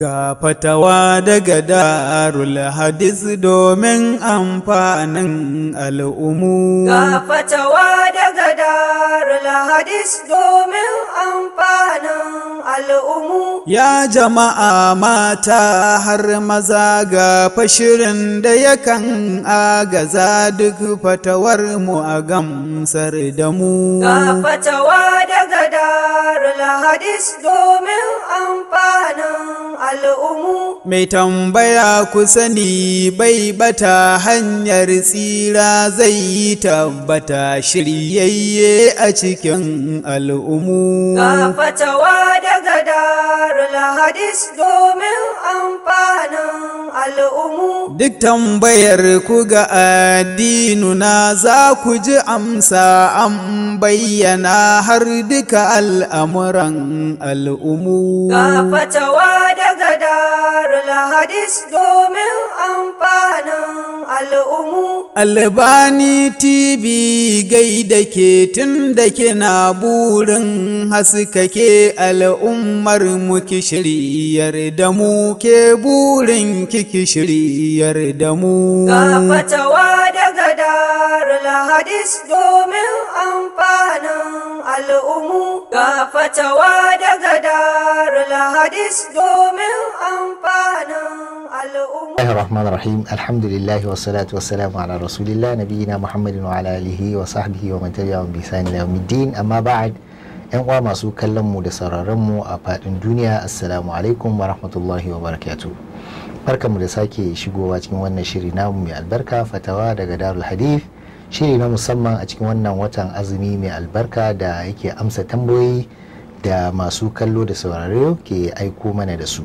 Ga fatawa daga darul hadis domin amfanin al'umu. Ga fatawa da darul hadis al'umu. Ya jama'a mata har maza ga fashirin da yakan agaza duk fatawar mu a gamsar da mu. Ga fatawa daga darul hadis domin amfanin al'umu. Mai tambaya ku sani bai bata hanyar tsira zai yi tabbata shiryai. ye a cikin al'umu. fatawa daga darul hadis domin amfanin al'umu. Duk tambayar ku ga addinuna za ku ji amsa an bayyana har duka al'amuran al'umu. Ka fatawa ta darul hadis domin amfanin al'umu. Albani TV gaida ke tun da kina burin haskake al'ummar mu ki shiryar da mu ke burin kiki shiryar da mu. Ga fatawa daga da hadis domin amfanin al'umu ga fatawa daga darul hadis domin amfanin al'umu. Allah Rahman Rahim alhamdulillahi wassalatu wassalamu ala rasulillah nabiyina Muhammadin wa ala alihi wa sahbihi wa man tabi'ahum bi ihsan ila yawmiddin amma ba'ad yan uwa masu kallon mu da sauraron mu a fadin duniya assalamu alaikum wa rahmatullahi wa barakatuh barkamu da sake shigowa cikin wannan shiri namu mai albarka fatawa daga darul hadith shiri na musamman a cikin wannan watan azumi mai albarka da yake amsa tambayoyi da masu kallo da saurare ke aiko mana da su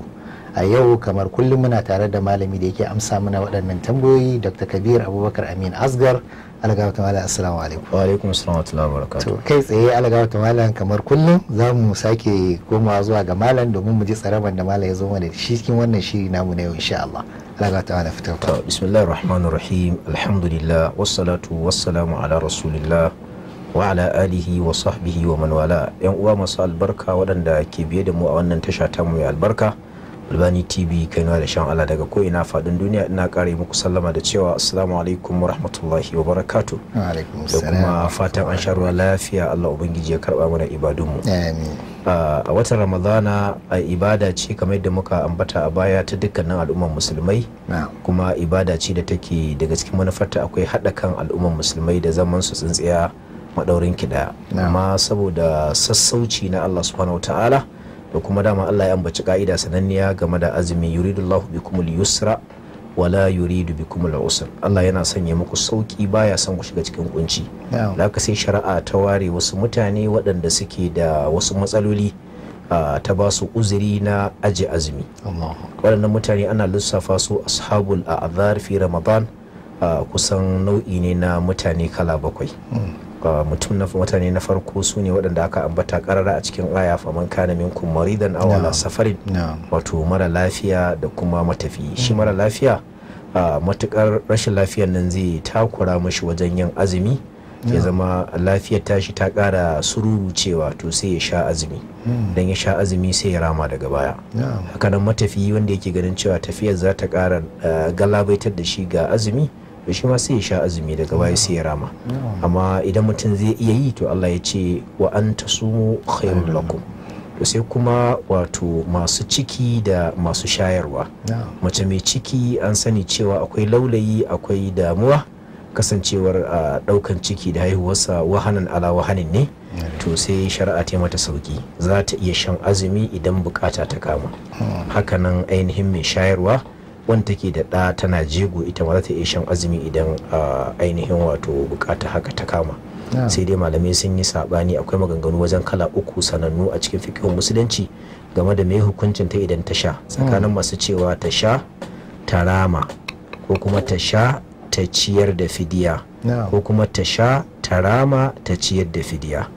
a yau kamar kullum muna tare da malami da yake amsa mana waɗannan tambayoyi dr kabir abubakar amin asgar alagawa malam assalamu alaikum wa alaikum assalam wa kai tsaye alagawa malam kamar kullum za mu sake komawa zuwa ga malam domin mu ji tsaraban da malam ya zo mana shi cikin wannan shiri namu na yau insha Allah Allah ta'ala fitar ta bismillahir rahmanir rahim alhamdulillah wassalatu wassalamu ala rasulillah wa ala alihi wa sahbihi wa man wala yan uwa masu albarka waɗanda ke biye da mu a wannan tasha ta mu mai albarka albani tv kainuwa da shan ala daga ko'ina faɗin duniya ina kare muku sallama da cewa assalamu alaikum wa rahmatullahi wa barakatu da kuma fatan an sharuwa lafiya allah ubangiji ya karɓa mana ibadunmu a watan ramadana a ibada ce kamar yadda muka ambata a baya ta dukkanin al'umman musulmai kuma ibada ce da take daga cikin manufarta akwai haɗa kan al'umman musulmai da zaman su tsintsiya maɗaurin kiɗa amma saboda sassauci na allah subhanahu wa ta'ala da kuma dama Allah ya ambaci ka'ida sananniya game da azumi yuridullahu bikumul yusra wala yuridu bikumul usr Allah yana sanya muku sauki baya son ku shiga cikin kunci da ka sai shari'a ta ware wasu mutane waɗanda suke da wasu matsaloli ta ba su uzuri na aji azumi waɗannan mutane ana lissafa su ashabul a'zar fi ramadan kusan nau'i ne na mutane kala bakwai hmm. mutum na mutane na farko su ne waɗanda aka ambata karara a cikin aya faman kana minkum maridan aw ala safarin wato mara lafiya da kuma matafi shi mm. mara lafiya matukar rashin lafiyar nan zai takura mashi wajen yin azumi ya zama lafiyar tashi ta kara cewa to sai ya sha azumi mm. don ya sha azumi sai ya rama daga baya hakanan matafiyi wanda yake ganin cewa tafiyar za ta kara galabaitar da shi ga azumi to shi ma sai ya sha azumi daga baya sai ya rama amma idan mutum zai iya yi to Allah ya ce wa an tasumu khairul lakum to sai kuma wato masu ciki da masu shayarwa mace mai ciki an sani cewa akwai laulayi akwai damuwa kasancewar a daukan ciki da haihuwarsa wahanan ala wahanin ne to sai shari'a ta mata sauki za ta iya shan azumi idan bukata ta kama hakanan ainihin mai shayarwa wanda take da ɗa tana jego ita ma za ta iya shan azumi idan ainihin wato bukata haka ta kama sai dai malamai sun yi sabani akwai maganganu wajen kala uku sanannu a cikin fikihun musulunci game da mai hukuncin ta idan ta sha mm. tsakanin masu cewa ta sha ta rama ko kuma ta sha ta ciyar da fidiya ko kuma ta sha ta rama ta ciyar da fidiya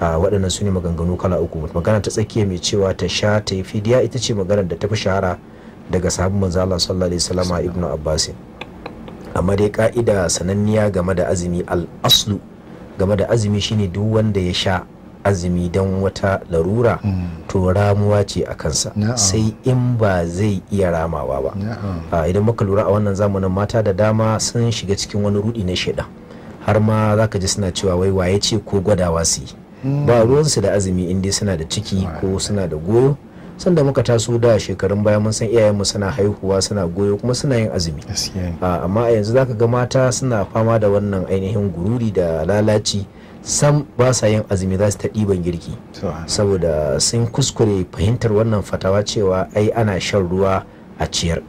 a waɗannan su ne maganganu kala uku magana ta tsakiya mai cewa ta sha ta yi fidiya ita ce maganar da ta fi shahara daga sahabin manzo Allah sallallahu alaihi wasallam ibnu abbas amma dai ka'ida sananniya game da azumi al-aslu game da azumi shine duk wanda ya sha azumi don wata larura mm. to ramuwa ce a kansa sai in ba zai iya ramawa ba ah, idan muka lura a wannan zamanin mata da dama sun shiga cikin wani rudi na shaidan har ma zaka ji suna cewa wai waye ce ko gwadawa su yi mm. ba ruwansu da azumi in suna da ciki ko suna da goyo sanda muka taso da shekarun baya mun san iyayen mu suna haihuwa suna goyo kuma suna yin azumi ah, amma a yanzu zaka ga mata suna fama da wannan ainihin gururi da lalaci sam ba sa yin azumi za su ta ɗiban girki saboda sun kuskure fahimtar wannan fatawa cewa ai ana shan ruwa a ciyar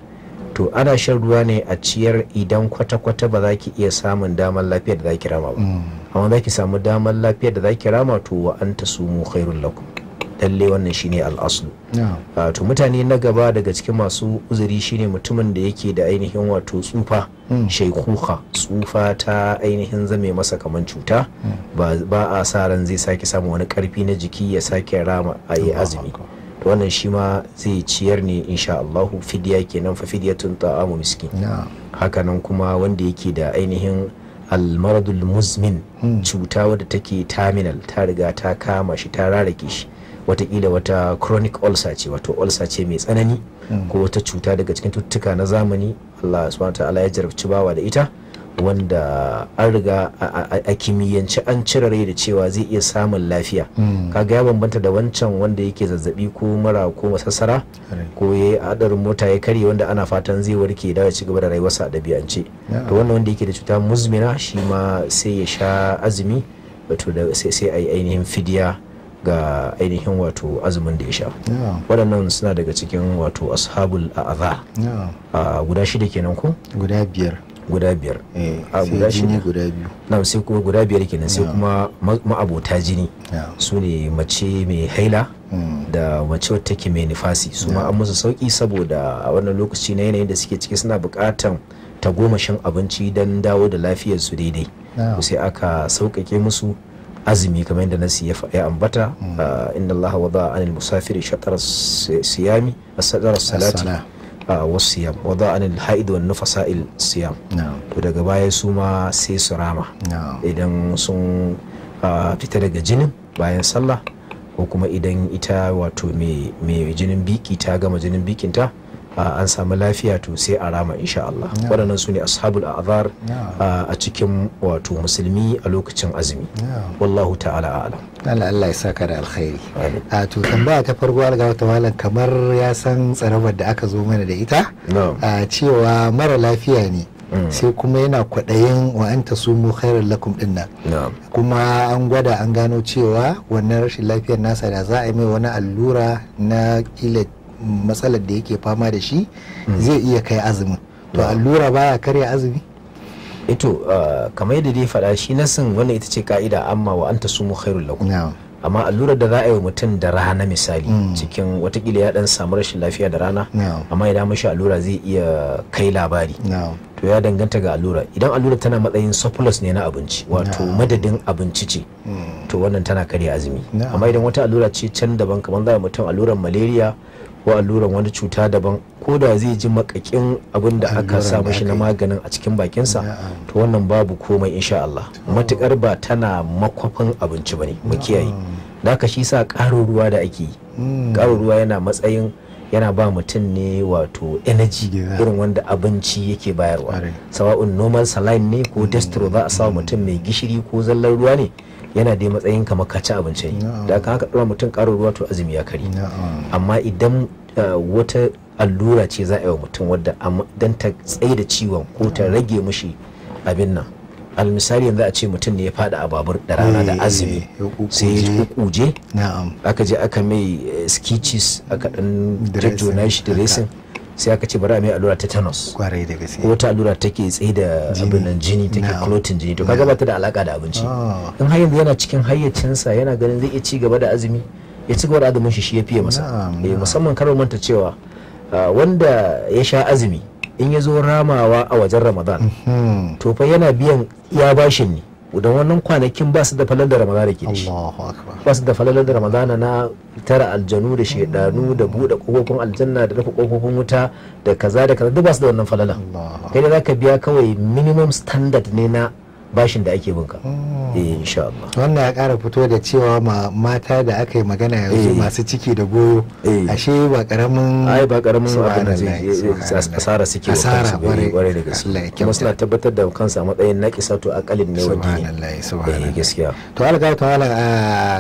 to ana shan ruwa ne a ciyar idan kwata-kwata ba za ki iya samun damar lafiyar da za ki rama ba mm. amma za ki samu damar lafiyar da za ki rama to wa an ta sumu khairul lakum lalle wannan shine al'asu wato ah, mutane na gaba daga cikin masu uzuri shine mutumin da yake da ainihin wato tsufa hmm. shaikuka tsufa ta ainihin zame masa kaman cuta hmm. ba a sa ran zai sake samu wani karfi na jiki ya sake rama a yi azumi wannan shi ma zai ciyar ne insha Allahu fidiya kenan fa fidiyatun ta'amu miskin hakanan kuma wanda yake da ainihin almaradul muzmin hmm. cuta wadda take terminal ta riga ta kama shi ta rarake shi watakila wata chronic ulcer ce wato ulcer ce mai tsanani mm. ko wata cuta daga cikin tuttuka na zamani Allah subhanahu ta'ala ya jarabci bawa da ita wanda an riga a kimiyyance an cire rai da cewa zai iya samun lafiya mm. kaga ya bambanta da wancan wanda yake zazzabi ko mara ko masassara ko ya yi hadarin mota ya karye wanda ana fatan zai warke da ci gaba da rayuwarsa a dabi'ance to wannan wanda yake da cuta muzmina shi ma sai ya sha azumi wato sai a yi ainihin fidiya ga ainihin wato azumin da ya sha waɗannan suna daga cikin wato ashabul a'adha guda shida kenan ko guda biyar guda biyar eh, a guda shida guda biyu na sai kuma guda biyar kenan sai kuma ma'abota jini su ne mace mai haila hmm. da mace wata take mai nifasi su ma an musu sauki saboda a wannan lokaci na yanayin da suke ciki suna buƙatan tagomashin abinci don dawo da lafiyarsu daidai sai aka sauƙaƙe musu azumi kamar yadda nasi ya ambata Allah mm. allaha wada anil musafiri shatar siyami sadar salati ah, wasu siyam wada anil haidu wan nufasa siyam to daga baya su ma sai su rama idan sun ah, fita daga jinin bayan sallah ko kuma idan ita wato mai jinin biki ta gama jinin bikinta an samu lafiya to sai a rama insha Allah waɗannan su ne ashabul azar a cikin wato musulmi a lokacin azumi wallahu ta'ala alam Allah Allah ya saka da alkhairi a to tambaya ta farko alga wata malam kamar ya san tsarabar da aka zo mana da ita a cewa mara lafiya ne mm. sai kuma yana kwaɗayin wa'anta su mu khairar lakum dinna kuma an gwada an gano cewa wannan rashin lafiyar nasa da za a yi mai wani allura na kila matsalar da yake fama da shi hmm. zai iya kai azumin to allura baya karya azumi ito eh uh, kamar yadda dai faɗa shi nasin wannan ita ce ka'ida amma wa anta sumu khairul lakum amma allurar da za a yi wa mutum da rana misali hmm. cikin watakila ya dan samu rashin lafiya da rana amma idan mashi allura zai iya kai labari to ya danganta ga allura idan allura tana matsayin surplus ne na abinci wato madadin abinci ce hmm. to wannan tana karya azumi amma idan wata allura ce can daban kamar za a mutum allurar malaria ko alluran wani cuta daban ko da zai ji makakin abin da aka sa mashi na maganin a cikin bakinsa to wannan babu komai insha Allah matukar ba tana makwafin abinci bane mu kiyaye da ka shi sa karo ruwa da ake yi hmm. ruwa yana matsayin yana ba mutum ne wato energy irin wanda abinci yake bayarwa sawa'un normal saline ne ko hmm. destro za a sa hmm. mutum mai gishiri ko zallar ruwa ne yana da matsayin kamar ka ci abinci ne da aka haka ɗora mutum ƙarin ruwa to azumi ya kari amma idan uh, wata allura ce za a yi wa mutum wadda don ta tsaye da ciwon ko ta rage mishi abin nan almisali yanzu a ce mutum ne ya fada a babur da rana da eh, azumi sai ya kuje aka je aka mai eh, skicis aka dan jajjona shi da resin sai aka ce bari a mai allura tetanus kwarai da gaske ko ta allura take tsaye da abin nan jini take clotting jini to kaga ba ta da alaka da abinci ah. in har yanzu yana cikin hayyacinsa yana ganin zai iya ci gaba da azumi ya ci gaba da azumin shi shi ya fiye masa eh, musamman kar manta cewa ah, wanda ya sha azumi in ya zo ramawa a wajen ramadan mhm. to fa yana biyan ya bashin ne don wannan kwanakin ba su da falal da ramadana ke da ba su da falal da ramadana na tara aljanu da shaidanu da buɗe ƙofofin aljanna da rufe ƙofofin wuta da kaza da kaza duk ba su da wannan falala kai za ka biya kawai minimum standard ne na bashin da ake binka oh. eh insha Allah wannan ya kara fito da cewa ma mata da aka yi magana yanzu eh. masu ciki da goyo eh. ashe ba karamin ai ba karamin abin da eh, asara suke asara kwarai da gaske kuma suna tabbatar da kansa matsayin kisa to akalin ne wa subhanallahi subhanallahi gaskiya to alga ta wala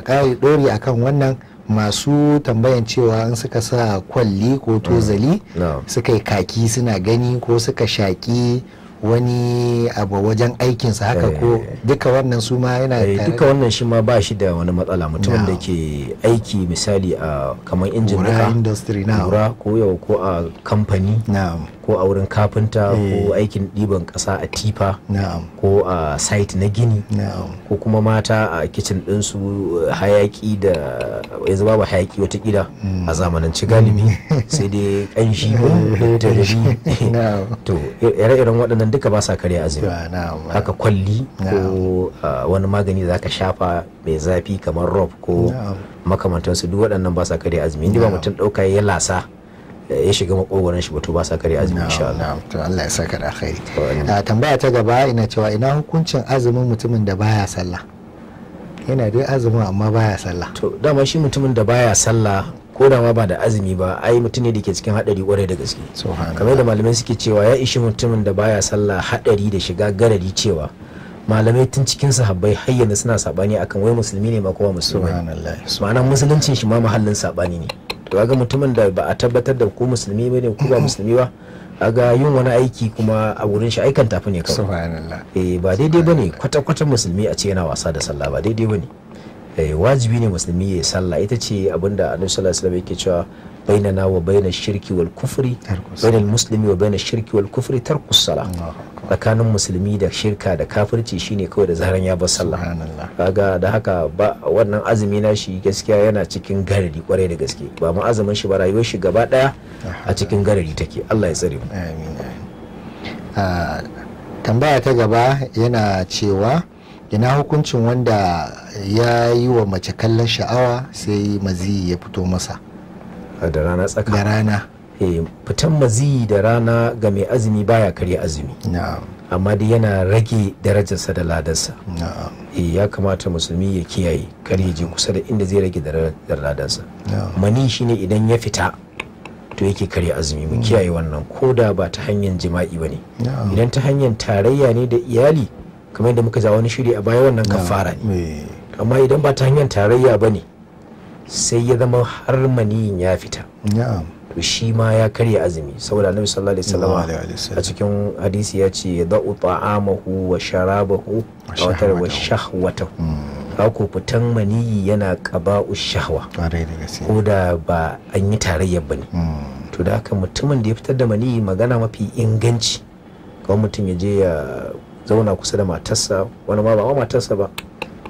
kai ah, dori akan wannan masu tambayan cewa in suka sa kwalli ko mm. tozali suka yi kaki suna gani ko suka shaki wani abu wajen aikinsa haka ko eh. duka wannan su ma yana eh, duka wannan shi ma ba shi da wani matsala mutumin da ke aiki misali a kamar injin duka industry na ko yau ko a kamfani ko a wurin kafinta ko eh. aikin ɗiban ƙasa a tifa ko a site na gini ko kuma mata a kicin ɗinsu hayaki da yanzu babu hayaki watakila hmm. a ci galibi hmm. sai dai ƙanshi ko da to ire-iren waɗannan duka ba sa karya azumi haka kwalli ko wani magani da zaka shafa mai zafi kamar rob ko makamantansu duk waɗannan ba sa karya azumi inda ba mutum ɗauka ya lasa eh, ya shiga makogoron shi batu ba sa kare azumi insha Allah Allah ya saka da khairi tambaya ta gaba ina cewa ina hukuncin azumin mutumin da baya sallah yana dai azumin amma baya sallah to dama shi mutumin da baya sallah ko da ma ba da azumi ba ai mutum ne da ke cikin hadari kwarai da gaske kamar da malamai suke cewa ya ishi mutumin da baya sallah hadari da shiga garari cewa malamai tun cikin sahabbai har yanzu suna sabani akan wai musulmi ne ba kowa musulmi ma'ana musuluncin shi ma mahallin sabani ne to ga mutumin da ba a tabbatar da ko musulmi ba ne ko ba musulmi ba a ga yin wani aiki kuma a wurin shi aikan tafi ne kawai eh ba daidai ba ne kwata-kwata musulmi a ce yana wasa da sallah ba daidai ba ne Eh, wajibi ne musulmi ya sallah ita ce abinda annabi sallallahu alaihi yake cewa na wa baina shirki wal kufri baina muslimi wa baina shirki wal kufri tarku sallah tsakanin musulmi da shirka da kafirci shine kawai da zaran ya bar sallah kaga da haka ba wannan azumi na shi gaskiya yana cikin garari kwarai da gaske ba mu azumin shi ba rayuwar shi gaba daya a cikin garari take Allah ya tsare mu amin ah, tambaya ta gaba yana cewa ina hukuncin wanda ya yi wa mace kallon sha'awa sai maziyi ya fito masa da rana tsaka da rana eh, fitan maziyi da rana ga mai azumi baya karya azumi amma dai yana rage darajarsa da ladarsa eh, ya kamata musulmi ya kiyaye kar kusa da inda zai rage da ladarsa mani shine idan ya fita to yake karya azumi mu kiyaye mm. wannan ko da ba ta hanyar jima'i ba ne idan ta hanyar tarayya ne da iyali kamar yadda muka za wani shiri a baya wannan fara ne amma idan ba ta hanyar tarayya ba ne sai ya zama har maniyin ya fita to shi ma ya karya azumi saboda annabi sallallahu alaihi wasallam a cikin hadisi ya ce yadau ta'amahu wa sharabahu wa wa shahwata hmm. ko fitan maniyi yana qaba'u shahwa ko da ba an yi tarayya ba ne hmm. to da haka mutumin da ya fitar da maniyi magana mafi inganci kawai mutum ya je ya zauna kusa da matarsa wani ma ba matarsa ba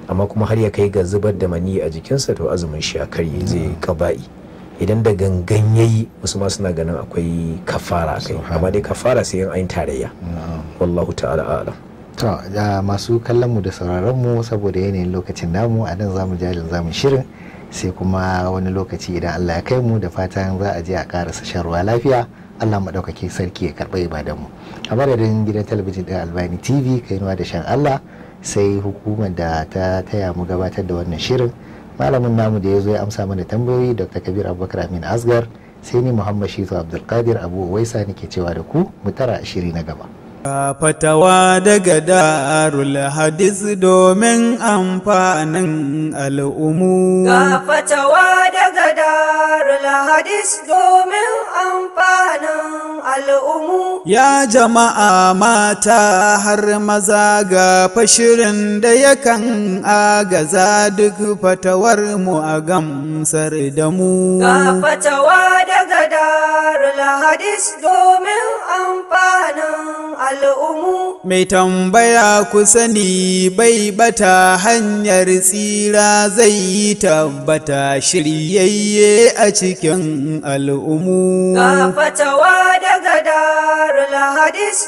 amma kuma har ya kai ga zubar da mani a jikinsa to azumin shi ya karye zai kaba'i idan da gangan yayi wasu ma suna ganin akwai kafara kai amma dai kafara sai yin ayin tarayya wallahu ta'ala alam to masu kallon mu da sauraron mu saboda yanayin lokacin namu a nan zamu jalin zamu shirin sai kuma wani lokaci idan Allah ya kai mu da fatan za a je a karasa sharwa ruwa lafiya Allah maɗaukaki sarki ya karɓa mu. a madadin gidan talabijin ɗin albani tv kainuwa da shan Allah sai hukumar da ta taya mu gabatar da wannan shirin malamin namu da ya zo ya amsa mana tambayoyi dr kabir abubakar amin asgar sai ni muhammad shitu abdulkadir abu waisa nake cewa da ku mu tara shiri na gaba. Ka fatawa daga darul hadis domin amfanin al'umu. Ka fatawa daga darul hadis domin amfanin al'umu. Ya jama'a mata har maza ga fashirin da yakan agaza duk fatawar mu a gamsar da mu. Ka fatawa daga darul hadis domin amfanin al'umu. al'umu. Mai tambaya ku sani bai bata hanyar tsira zai yi tabbata shiryayye a cikin al'umu. Ga daga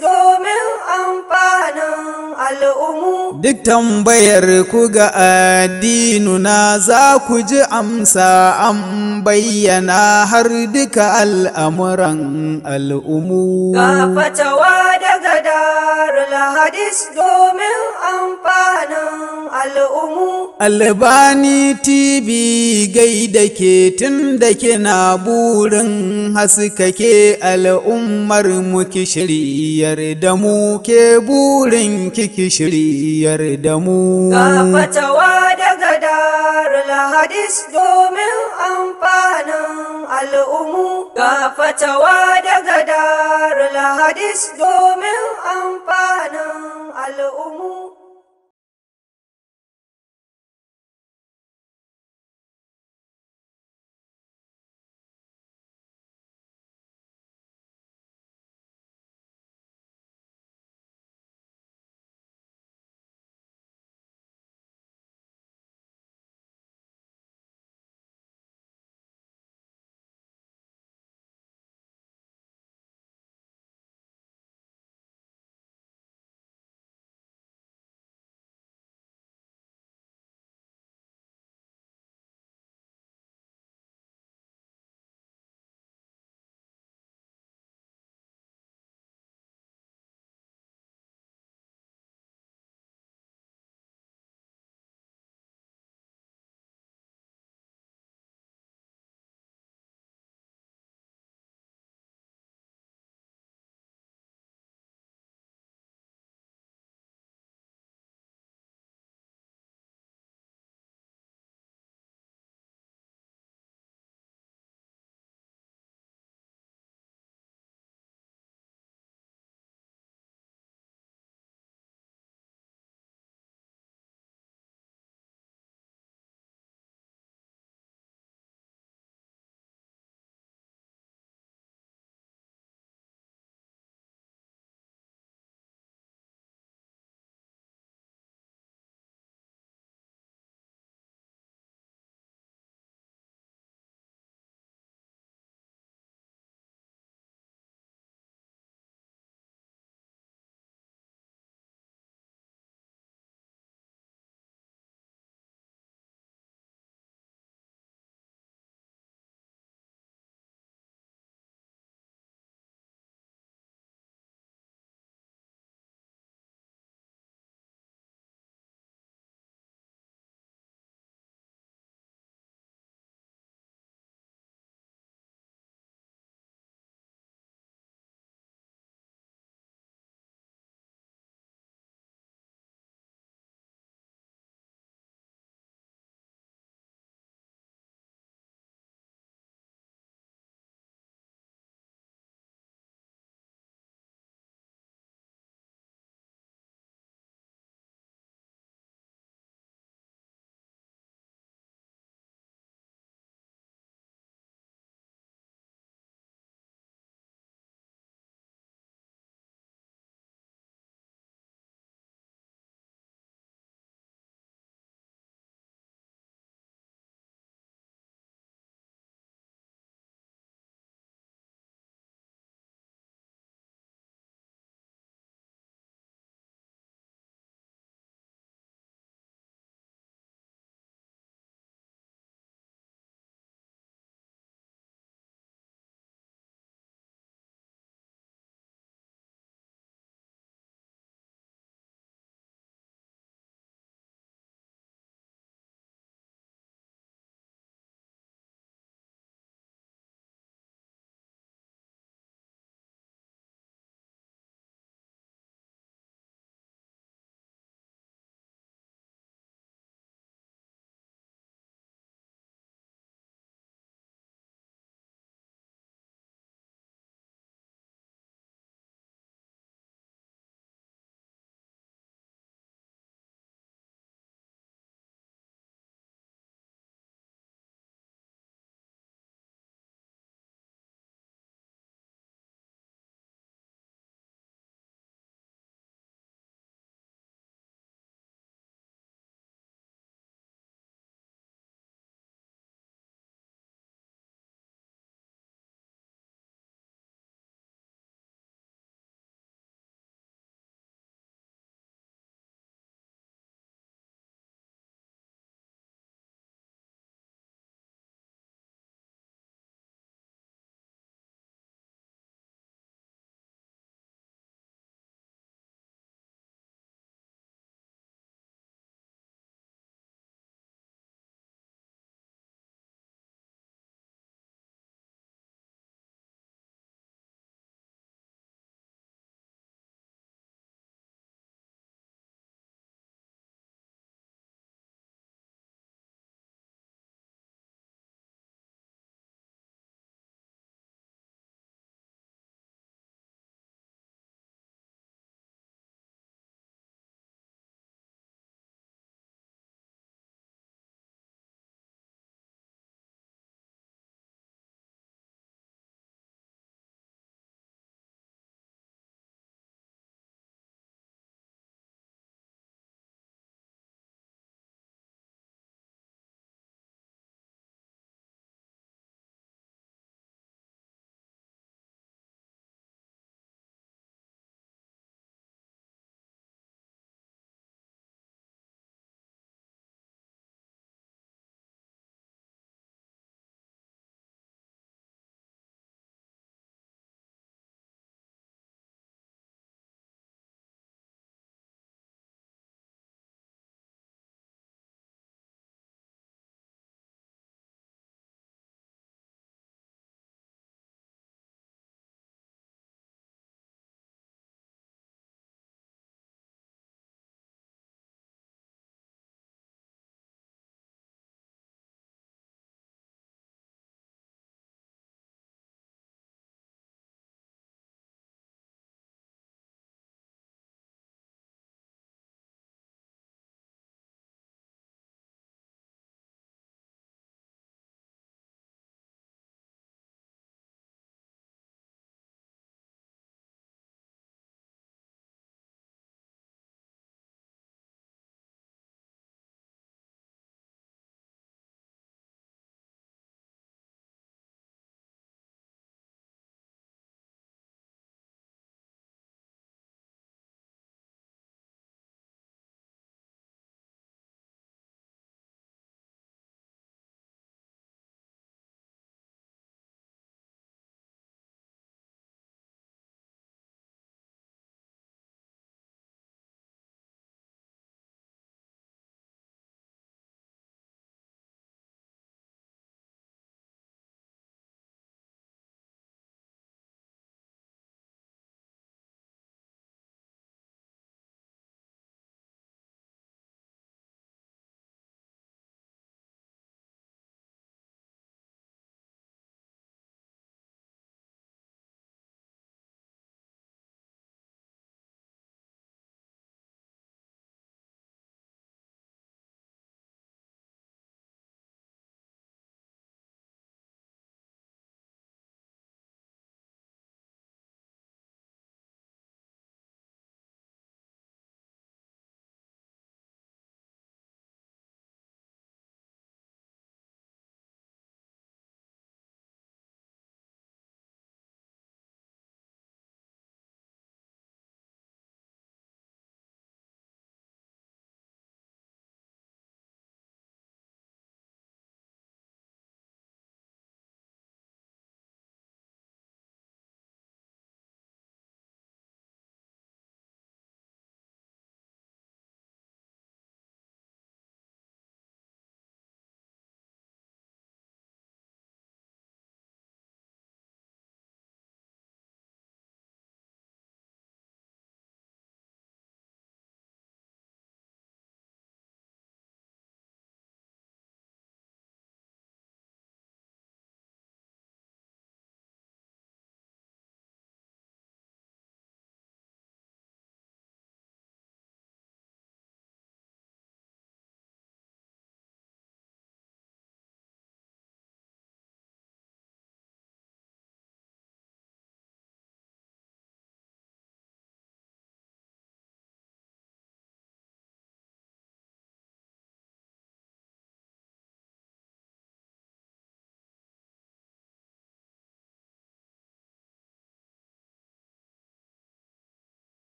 domin amfanin al'umu. Duk tambayar ku ga addinuna za ku ji amsa an bayyana har duka al'amuran al'umu. Ga fatawa daga na darul hadis domin amfanin al'umu. Albani TV gai da ke tun da kina burin haskake al'ummar mu ki damu da mu ke burin kiki shiriyar da mu. Ga daga dar alhadis domin amfanin al'umu ga fatawa daga darul hadis domin amfanin al'umu